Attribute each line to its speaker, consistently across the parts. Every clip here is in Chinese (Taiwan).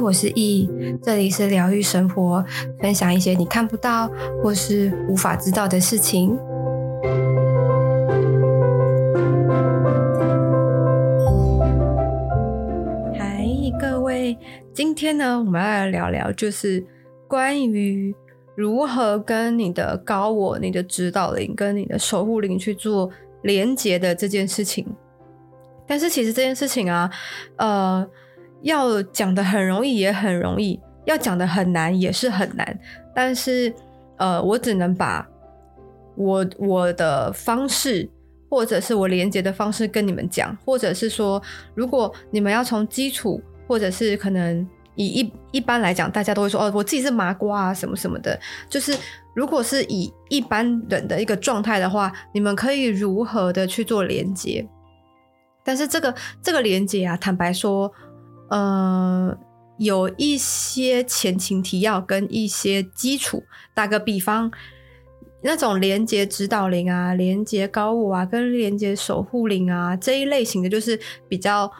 Speaker 1: 我是易，這裡是療癒生活，分享一些你看不到或是無法知道的事情。嗨，各位，今天呢，我們要來聊聊，就是關於如何跟你的高我、你的指導靈跟你的守護靈去做連結的這件事情。但是其實這件事情啊，呃。要講得很容易也很容易，要講得很難也是很難。但是，呃，我只能把我我的方式，或者是我連接的方式跟你們講，或者是說，如果你們要從基礎，或者是可能以一一般來講，大家都會說哦，我自己是麻瓜啊，什麼什麼的。就是如果是以一般人的一個狀態的話，你們可以如何的去做連接？但是這個這個連接啊，坦白說。呃，有一些前情提要跟一些基礎。打個比方，那種連接指導靈啊、連接高我啊、跟連接守護靈啊這一類型的，就是比較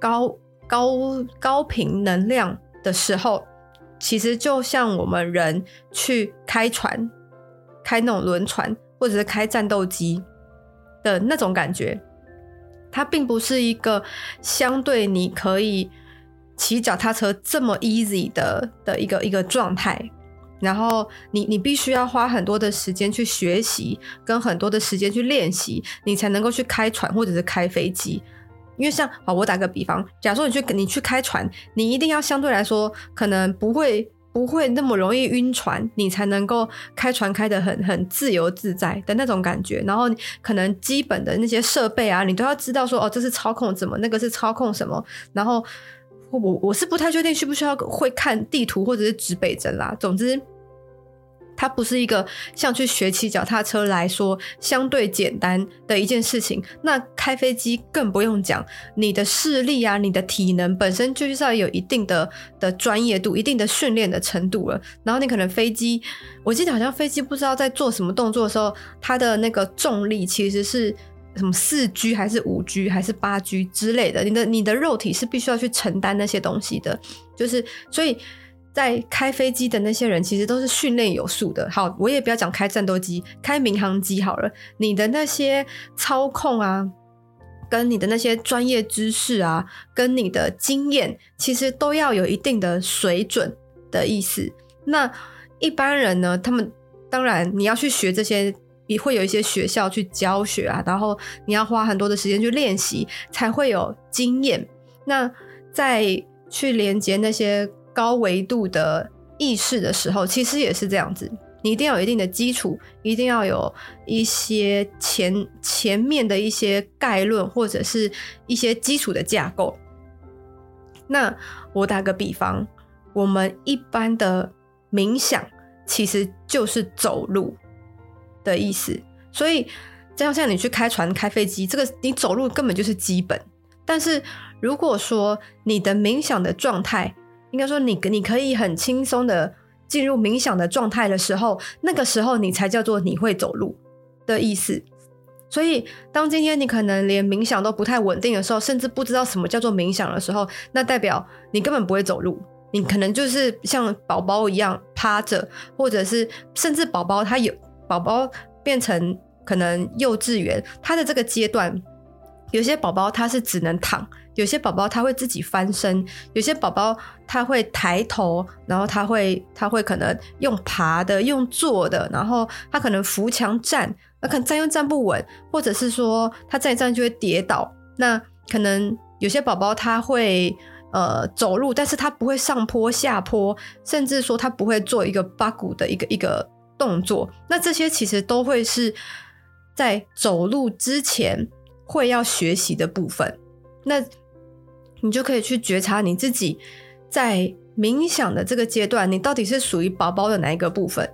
Speaker 1: 高高高頻能量的時候，其實就像我們人去開船、開那種輪船或者是開戰鬥機的那種感覺，它並不是一個相對你可以。騎腳踏車這麼 easy 的的一個一個狀態，然後你你必須要花很多的時間去學習，跟很多的時間去練習，你才能夠去開船或者是開飛機。因為像好我打個比方，假如說你去你去開船，你一定要相對來說可能不會不會那麼容易暈船，你才能夠開船開得很很自由自在的那種感覺。然後可能基本的那些設備啊，你都要知道說哦，這是操控怎麼，那個是操控什麼，然後。我我是不太確定需不需要會看地圖或者是指北針啦。總之，它不是一個像去學騎腳踏車來說相對簡單的一件事情。那開飛機更不用講，你的視力啊，你的體能本身就是要有一定的的專業度、一定的訓練的程度了。然後你可能飛機，我記得好像飛機不知道在做什麼動作的時候，它的那個重力其實是。什麼四 G 還是五 G 還是八 G 之類的？你的你的肉體是必須要去承擔那些東西的。就是所以，在開飛機的那些人，其實都是訓練有素的。好，我也不要講開戰鬥機，開民航機好了。你的那些操控啊，跟你的那些專業知識啊，跟你的經驗，其實都要有一定的水準的意思。那一般人呢，他們當然你要去學這些。也會有一些學校去教學啊，然後你要花很多的時間去練習，才會有經驗。那在去連接那些高維度的意識的時候，其實也是這樣子，你一定要有一定的基礎，一定要有一些前前面的一些概論或者是一些基礎的架構。那我打個比方，我們一般的冥想其實就是走路。的意思，所以這樣像你去開船、開飛機，這個你走路根本就是基本。但是如果說你的冥想的狀態，應該說你你可以很輕鬆的進入冥想的狀態的時候，那個時候你才叫做你會走路的意思。所以當今天你可能連冥想都不太穩定的時候，甚至不知道什麼叫做冥想的時候，那代表你根本不會走路，你可能就是像寶寶一樣趴着，或者是甚至寶寶他有。寶寶變成可能幼稚園，他的這個階段，有些寶寶他是只能躺，有些寶寶他會自己翻身，有些寶寶他會抬頭，然後他會他會可能用爬的，用坐的，然後他可能扶牆站，那可能站又站不穩，或者是說他站一站就會跌倒。那可能有些寶寶他會呃走路，但是他不會上坡下坡，甚至說他不會做一個八股的一個一個。動作，那這些其實都會是在走路之前會要學習的部分。那你就可以去覺察你自己在冥想的這個階段，你到底是屬於寶寶的哪一個部分？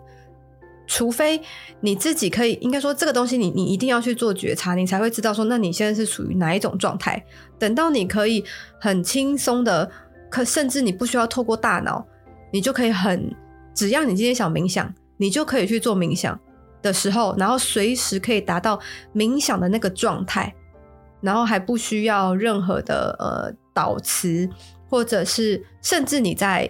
Speaker 1: 除非你自己可以，應該說這個東西你，你你一定要去做覺察，你才會知道說，那你現在是屬於哪一種狀態。等到你可以很輕鬆的，可甚至你不需要透過大腦，你就可以很，只要你今天想冥想。你就可以去做冥想的時候，然後隨時可以達到冥想的那個狀態，然後還不需要任何的呃導詞，或者是甚至你在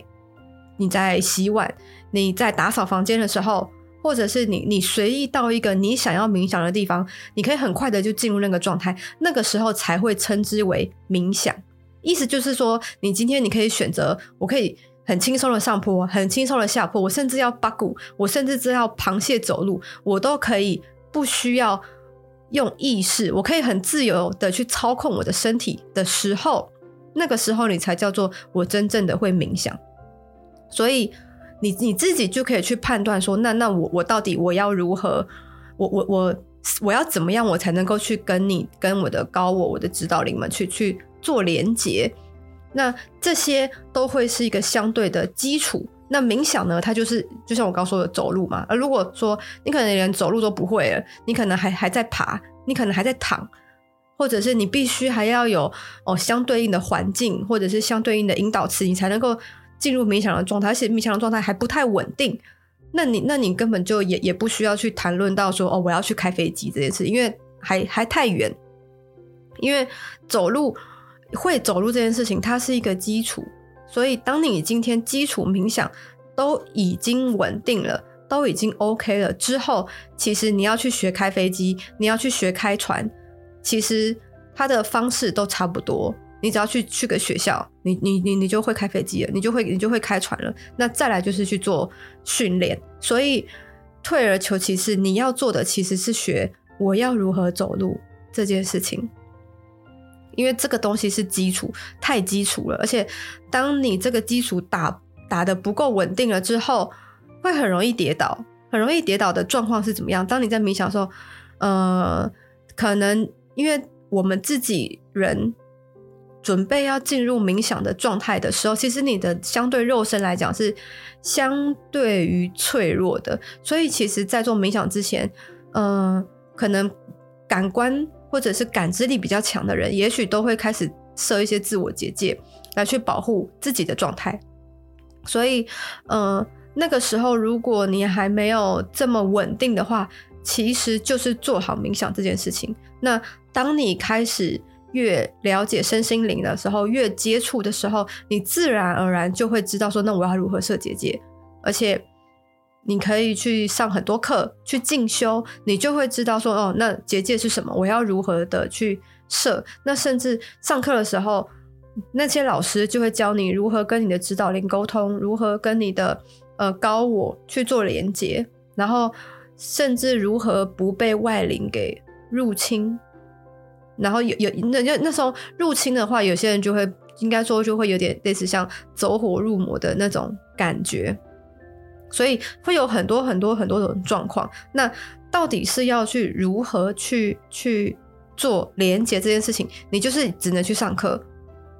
Speaker 1: 你在洗碗，你在打掃房間的時候，或者是你你隨意到一個你想要冥想的地方，你可以很快的就進入那個狀態，那個時候才會稱之為冥想。意思就是說，你今天你可以選擇，我可以。很輕鬆的上坡，很輕鬆的下坡，我甚至要八股，我甚至要螃蟹走路，我都可以不需要用意識，我可以很自由的去操控我的身體的時候，那個時候你才叫做我真正的會冥想。所以你你自己就可以去判斷說，那那我我到底我要如何，我我我我要怎麼樣，我才能夠去跟你跟我的高我我的指導靈們去去做連接。那這些都會是一個相對的基礎。那冥想呢，它就是就像我剛說的走路嘛。而如果說你可能連走路都不會了，你可能還還在爬，你可能還在躺，或者是你必須還要有哦相對應的環境，或者是相對應的引導詞，你才能夠進入冥想的狀態。而且冥想的狀態還不太穩定，那你那你根本就也也不需要去談論到說哦我要去開飛機這件事，因為還還太遠。因為走路。會走路這件事情，它是一個基礎，所以當你今天基礎冥想都已經穩定了，都已經 OK 了之後，其實你要去學開飛機，你要去學開船，其實它的方式都差不多。你只要去去個學校，你你你你就會開飛機了，你就會你就會開船了。那再來就是去做訓練，所以退而求其次，你要做的其實是學我要如何走路這件事情。因為這個東西是基礎，太基礎了，而且當你這個基礎打打得不夠穩定了之後，會很容易跌倒，很容易跌倒的狀況是怎麼樣？當你在冥想的時候，呃，可能因為我們自己人準備要進入冥想的狀態的時候，其實你的相對肉身來講是相對於脆弱的，所以其實，在做冥想之前，嗯、呃，可能感官。或者是感知力比較強的人，也許都會開始設一些自我結界來去保護自己的狀態。所以，嗯、呃，那個時候如果你還沒有這麼穩定的話，其實就是做好冥想這件事情。那當你開始越了解身心靈的時候，越接觸的時候，你自然而然就會知道說，那我要如何設結界，而且。你可以去上很多課，去進修，你就會知道說，哦，那結界是什麼？我要如何的去設？那甚至上課的時候，那些老師就會教你如何跟你的指導靈溝通，如何跟你的呃高我去做連接，然後甚至如何不被外靈給入侵。然後有有那那那時候入侵的話，有些人就會應該說就會有點類似像走火入魔的那種感覺。所以會有很多很多很多種狀況，那到底是要去如何去去做連接這件事情？你就是只能去上課，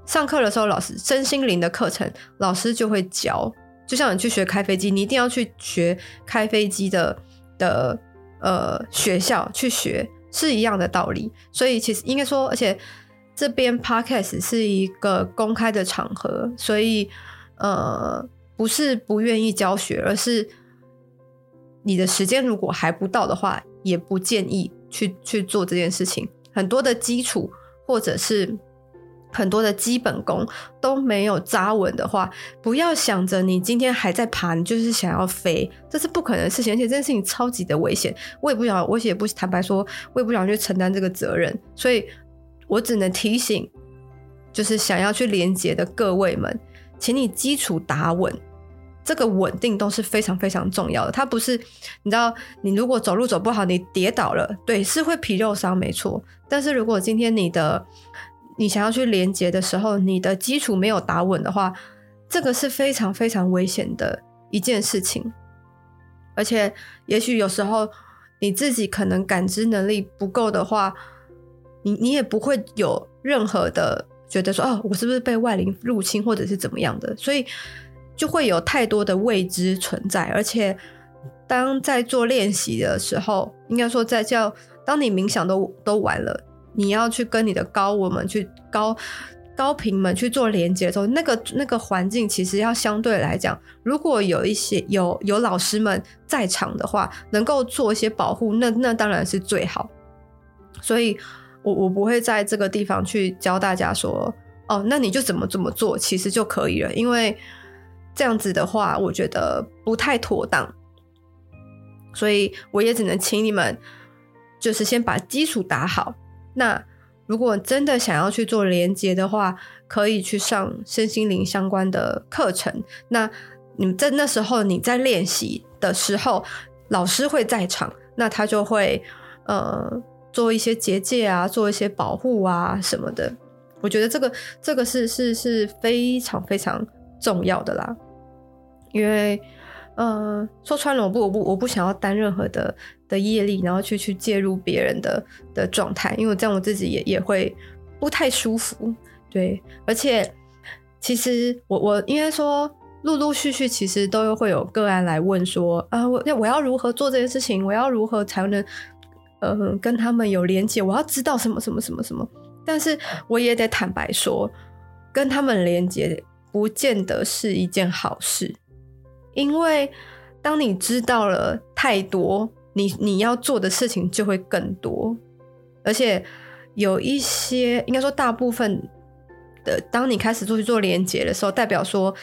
Speaker 1: 上課的時候老師身心靈的課程，老師就會教。就像你去學開飛機，你一定要去學開飛機的的呃學校去學，是一樣的道理。所以其實應該說，而且這邊 Podcast 是一個公開的場合，所以呃。不是不願意教學，而是你的時間如果還不到的話，也不建議去去做這件事情。很多的基礎或者是很多的基本功都沒有扎穩的話，不要想着你今天還在爬，你就是想要飛，這是不可能的事情，而且這件事情超級的危險。我也不想，我也不坦白說，我也不想去承擔這個責任，所以，我只能提醒，就是想要去連接的各位們，請你基礎打穩。這個穩定都是非常非常重要的，它不是，你知道，你如果走路走不好，你跌倒了，對，是會皮肉傷，沒錯。但是如果今天你的你想要去連接的時候，你的基礎沒有打穩的話，這個是非常非常危險的一件事情。而且，也許有時候你自己可能感知能力不夠的話，你你也不會有任何的覺得說，哦，我是不是被外靈入侵，或者是怎麼樣的，所以。就會有太多的未知存在，而且當在做練習的時候，應該說在教，當你冥想都都完了，你要去跟你的高我們去高高頻們去做連接的時候，那個那個環境其實要相對來講，如果有一些有有老師們在場的話，能夠做一些保護，那那當然是最好。所以我，我我不會在這個地方去教大家說，哦，那你就怎麼怎麼做，其實就可以了，因為。這樣子的話，我覺得不太妥當，所以我也只能請你們，就是先把基礎打好。那如果真的想要去做連接的話，可以去上身心靈相關的課程。那你在那時候你在練習的時候，老師會在場，那他就會呃做一些結界啊，做一些保護啊什麼的。我覺得這個這個是是是非常非常重要的啦。因為，呃，說穿了，我不，我不，我不想要擔任何的的業力，然後去去介入別人的的狀態，因為這樣我自己也也會不太舒服。對，而且其實我我應該說，陸陸續續其實都會有個案來問說，啊、呃，我我要如何做這件事情？我要如何才能呃跟他們有連結？我要知道什麼什麼什麼什麼？但是我也得坦白說，跟他們連結不見得是一件好事。因為，當你知道了太多，你你要做的事情就會更多，而且有一些，應該說大部分的，當你開始做去做連結的時候，代表說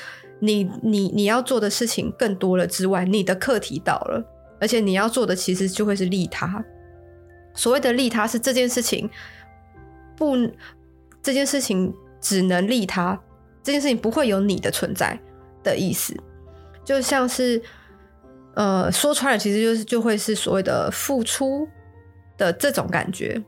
Speaker 1: 你你你要做的事情更多了之外，你的課題到了，而且你要做的其實就會是利他。所謂的利他是這件事情不，這件事情只能利他，這件事情不會有你的存在的意思。就像是，呃，說穿了，其實就是就會是所謂的付出的這種感覺，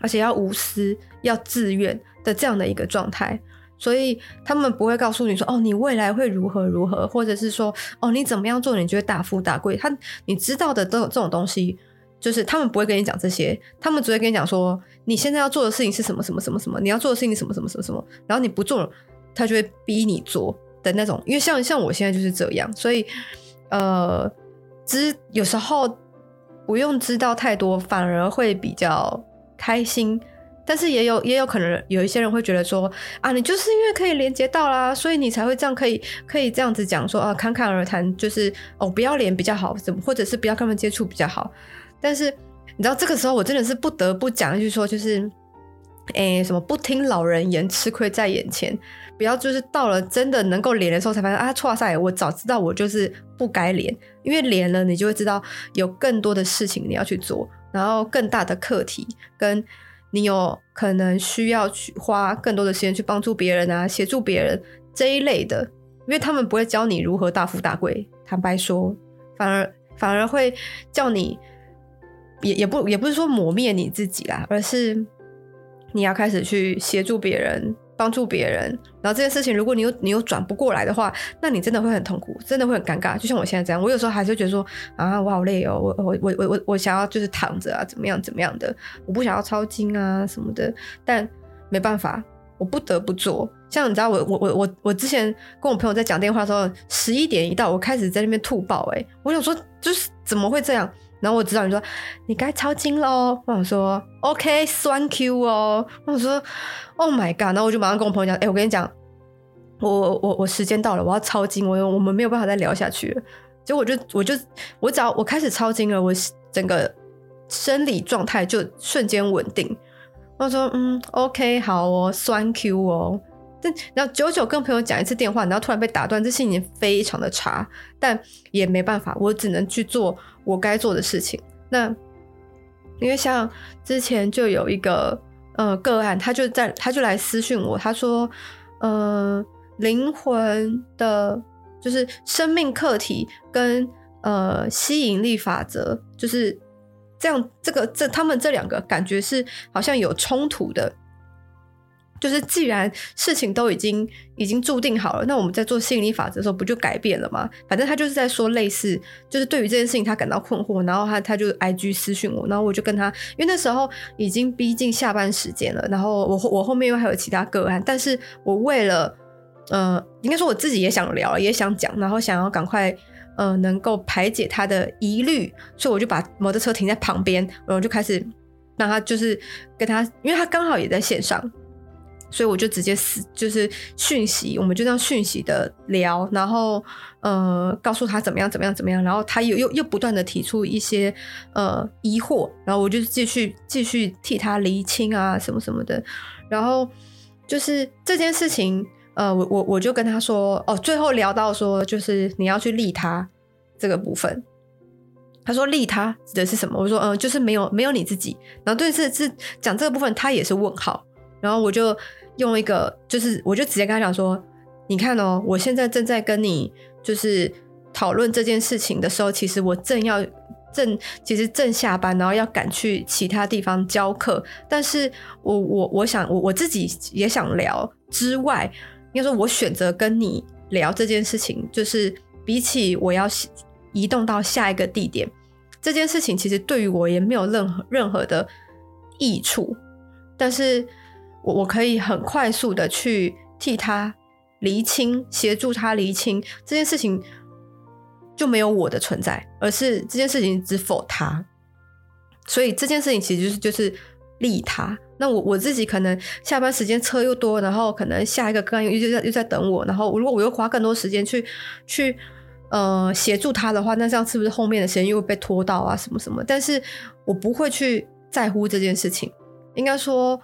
Speaker 1: 而且要無私、要自願的這樣的一個狀態。所以他們不會告訴你說，哦，你未來會如何如何，或者是說，哦，你怎麼樣做，你就會大富大貴。他你知道的都，都有這種東西，就是他們不會跟你講這些，他們只會跟你講說，你現在要做的事情是什麼什麼什麼什麼，你要做的事情什麼什麼什麼什麼，然後你不做，他就會逼你做。的那種，因為像像我現在就是這樣，所以，呃，知有時候不用知道太多，反而會比較開心。但是也有也有可能有一些人會覺得說啊，你就是因為可以連接到啦，所以你才會這樣可以可以這樣子講說啊，侃侃而談，就是哦，不要連比較好，怎麼或者是不要跟他們接觸比較好。但是你知道，這個時候我真的是不得不講一句說，就是，欸，什麼不聽老人言，吃虧在眼前。不要，就是到了真的能夠連的時候，才發現啊，挫賽！我早知道，我就是不該連。因為連了，你就會知道有更多的事情你要去做，然後更大的課題，跟你有可能需要去花更多的時間去幫助別人啊，協助別人這一類的。因為他們不會教你如何大富大貴，坦白說，反而反而會叫你，也也不也不是說磨滅你自己啦、啊，而是你要開始去協助別人。幫助別人，然後這件事情，如果你又你又轉不過來的話，那你真的會很痛苦，真的會很尷尬。就像我現在這樣，我有時候還是會覺得說啊，我好累哦，我我我我我想要就是躺着啊，怎麼樣怎麼樣的，我不想要抄經啊什麼的。但沒辦法，我不得不做。像你知道我，我我我我我之前跟我朋友在講電話的時候，十一點一到，我開始在那邊吐爆、欸，哎，我有時候就是怎麼會這樣？然後我知道你說你該抄經了，OK，哦，然後我說 OK 酸 Q a n 哦，我說 Oh my god。然後我就馬上跟我朋友講，哎、欸，我跟你講，我我我時間到了，我要抄經，我我們沒有辦法再聊下去了。結果我就我就我只要我開始抄經了，我整個生理狀態就瞬間穩定。然後我說嗯，OK，好哦，酸 Q 哦。但然後久久跟朋友講一次電話，然後突然被打斷，這心情非常的差。但也沒辦法，我只能去做我該做的事情。那因為像之前就有一個呃個案，他就在他就來私訊我，他說呃靈魂的，就是生命課題跟呃吸引力法則，就是這樣這個這他們這兩個感覺是好像有衝突的。就是，既然事情都已經已經注定好了，那我們在做吸引力法則的時候，不就改變了嗎？反正他就是在說類似，就是對於這件事情他感到困惑，然後他他就 IG 私訊我，然後我就跟他，因為那時候已經逼近下班時間了，然後我我後面又還有其他個案，但是我為了，呃，應該說我自己也想聊，也想講，然後想要趕快，呃，能夠排解他的疑慮，所以我就把摩托車停在旁邊，然後就開始讓他就是跟他，因為他剛好也在線上。所以我就直接就是訊息，我們就這樣訊息的聊，然後呃告訴他怎麼樣怎麼樣怎麼樣，然後他又又又不斷的提出一些呃疑惑，然後我就繼續繼續替他釐清啊什麼什麼的，然後就是這件事情，呃我我我就跟他說哦，最後聊到說就是你要去利他這個部分，他說，利他指的是什麼？我說嗯，呃，就是沒有沒有你自己，然後對，是是講這個部分他也是問號，然後我就。用一個，就是我就直接跟他講說：“你看哦，我現在正在跟你就是討論這件事情的時候，其實我正要正，其實正下班，然後要趕去其他地方教課。但是我我我想我我自己也想聊之外，應該說我選擇跟你聊這件事情，就是比起我要移動到下一個地點，這件事情，其實對於我也沒有任何任何的益處，但是。”我我可以很快速的去替他釐清，協助他釐清這件事情，就沒有我的存在，而是這件事情只 for 他。所以這件事情其實就是就是利他。那我我自己可能下班時間車又多，然後可能下一個客人又在又在，又在等我，然後如果我又花更多時間去去呃協助他的話，那這樣是不是後面的時間又被拖到啊什麼什麼？但是我不會去在乎這件事情，應該說。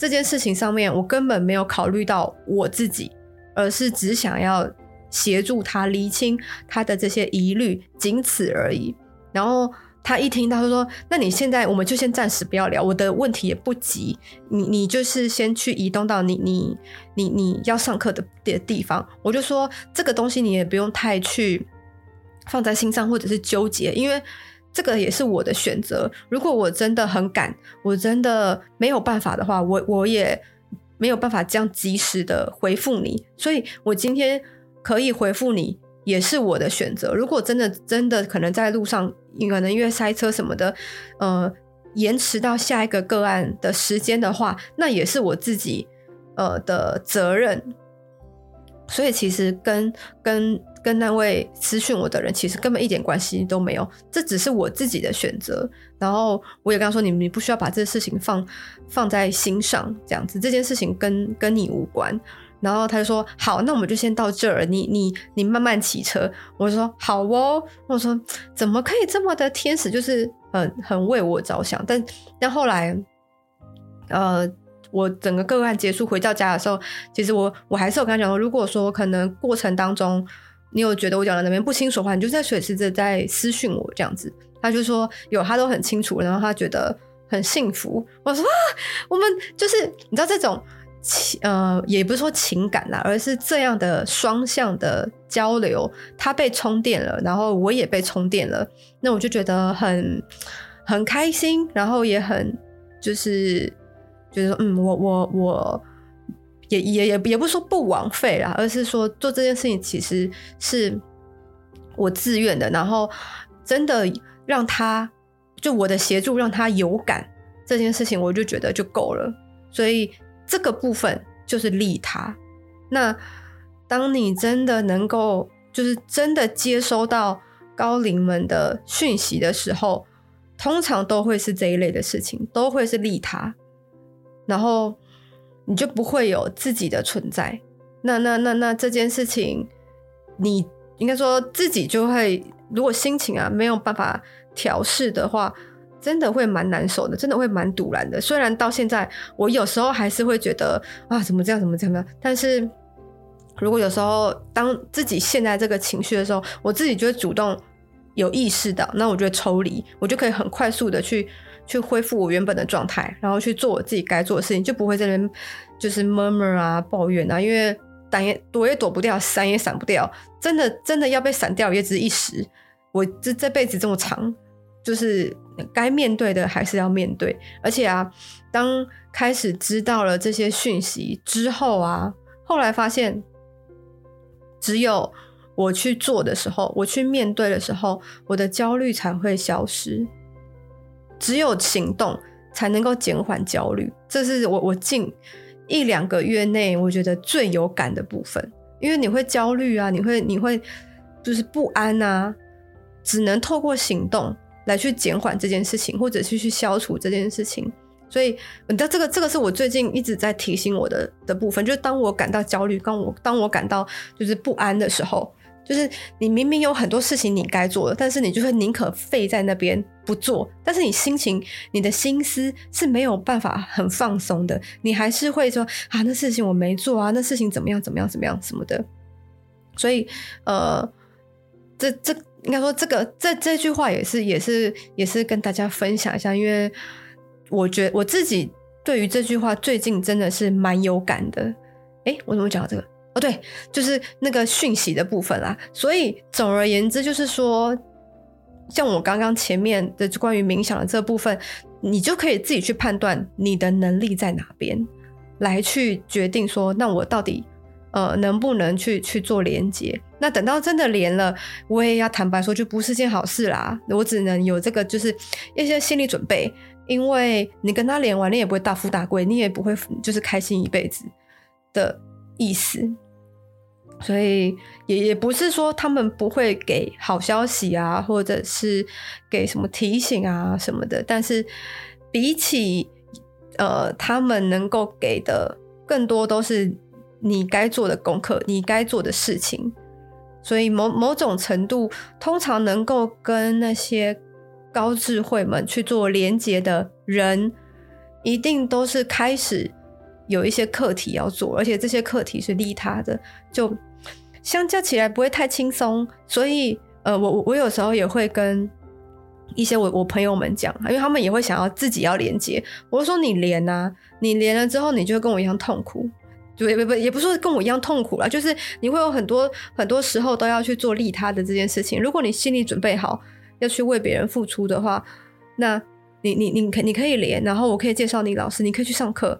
Speaker 1: 這件事情上面，我根本沒有考慮到我自己，而是只想要協助他釐清他的這些疑慮，僅此而已。然後他一聽到，他說：“那你現在我們就先暫時不要聊，我的問題也不急，你你就是先去移動到你你你你要上課的地方。”我就說：“這個東西你也不用太去放在心上，或者是糾結，因為。”這個也是我的選擇。如果我真的很趕，我真的沒有辦法的話，我我也沒有辦法這樣及時的回復你。所以我今天可以回復你，也是我的選擇。如果真的真的可能在路上，可能因為塞車什麼的，呃，延遲到下一個個案的時間的話，那也是我自己呃的責任。所以其實跟跟。跟那位私訊我的人其實根本一點關係都沒有，這只是我自己的選擇。然後我也跟他說：“你你不需要把這件事情放放在心上，這樣子，這件事情跟跟你無關。”然後他就說：“好，那我們就先到這兒，你你你慢慢騎車。”我說：“好哦。”我說：“怎麼可以這麼的天使，就是很很為我着想？”但但後來，呃，我整個個案結束回到家的時候，其實我我還是有跟他講說，如果說可能過程當中。”你有覺得我講的那邊不清楚的話，你就在隨時在私訊我這樣子。他就說有，他都很清楚，然後他覺得很幸福。我說，啊、我們就是你知道這種情呃，也不是說情感啦，而是這樣的雙向的交流，他被充電了，然後我也被充電了，那我就覺得很很開心，然後也很就是覺得說嗯，我我我。我也也也也不是說不枉費啦，而是說做這件事情其實是我自願的，然後真的讓他就我的協助讓他有感這件事情，我就覺得就夠了。所以這個部分就是利他。那當你真的能夠就是真的接收到高我們的訊息的時候，通常都會是這一類的事情，都會是利他，然後。你就不會有自己的存在，那那那那這件事情，你應該說自己就會，如果心情啊沒有辦法調適的話，真的會蠻難受的，真的會蠻賭爛的。雖然到現在，我有時候還是會覺得啊，怎麼這樣，怎麼怎麼樣，但是如果有時候當自己陷在這個情緒的時候，我自己就會主動有意識到，那我就抽離，我就可以很快速的去。去恢復我原本的狀態，然後去做我自己該做的事情，就不會在那邊就是 murmur 啊、抱怨啊。因為擋也躲也躲不掉，閃也閃不掉，真的真的要被閃掉也只是一時。我這輩子這麼長，就是該面對的還是要面對。而且啊，當開始知道了這些訊息之後啊，後來發現，只有我去做的時候，我去面對的時候，我的焦慮才會消失。只有行動才能夠減緩焦慮，這是我我近一兩個月內我覺得最有感的部分。因為你會焦慮啊，你會你會就是不安啊，只能透過行動來去減緩這件事情，或者是去消除這件事情。所以，你知道這個這個是我最近一直在提醒我的的部分，就是當我感到焦慮，當我當我感到就是不安的時候。就是你明明有很多事情你該做的，但是你就會寧可廢在那邊不做。但是你心情、你的心思是沒有辦法很放鬆的，你還是會說啊，那事情我沒做啊，那事情怎麼樣？怎麼樣？怎麼樣？什麼的？所以，呃，這這應該說這個這這句話也是也是也是跟大家分享一下，因為我覺得我自己對於這句話最近真的是蠻有感的。哎，我怎麼講到這個？哦，對，就是那個訊息的部分啦。所以總而言之，就是說，像我剛剛前面的關於冥想的這部分，你就可以自己去判斷你的能力在哪邊，來去決定說，那我到底呃能不能去去做連結？那等到真的連了，我也要坦白說，就不是件好事啦。我只能有這個，就是一些心理準備，因為你跟他連完，你也不會大富大貴，你也不會就是開心一輩子的。意思，所以也也不是說他們不會給好消息啊，或者是給什麼提醒啊什麼的，但是比起呃他們能夠給的更多，都是你該做的功課，你該做的事情。所以某某種程度，通常能夠跟那些高智慧們去做連接的人，一定都是開始。有一些課題要做，而且這些課題是利他的，就相較起來不會太輕鬆。所以，呃，我我我有時候也會跟一些我我朋友們講，因為他們也會想要自己要連接。我就說，你連啊，你連了之後，你就會跟我一樣痛苦，就不不，也不說跟我一樣痛苦了，就是你會有很多很多時候都要去做利他的這件事情。如果你心裡準備好要去為別人付出的話，那你你你可你可以連，然後我可以介紹你老師，你可以去上課。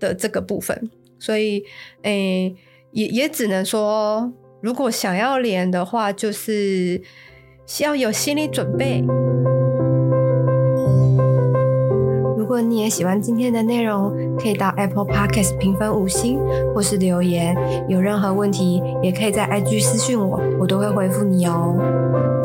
Speaker 1: 的這個部分，所以，誒、欸，也也只能說，如果想要連的話，就是要有心理準備。如果你也喜歡今天的內容，可以到 Apple Podcast 評分五星，或是留言。有任何問題，也可以在 IG 私訊我，我都會回復你哦。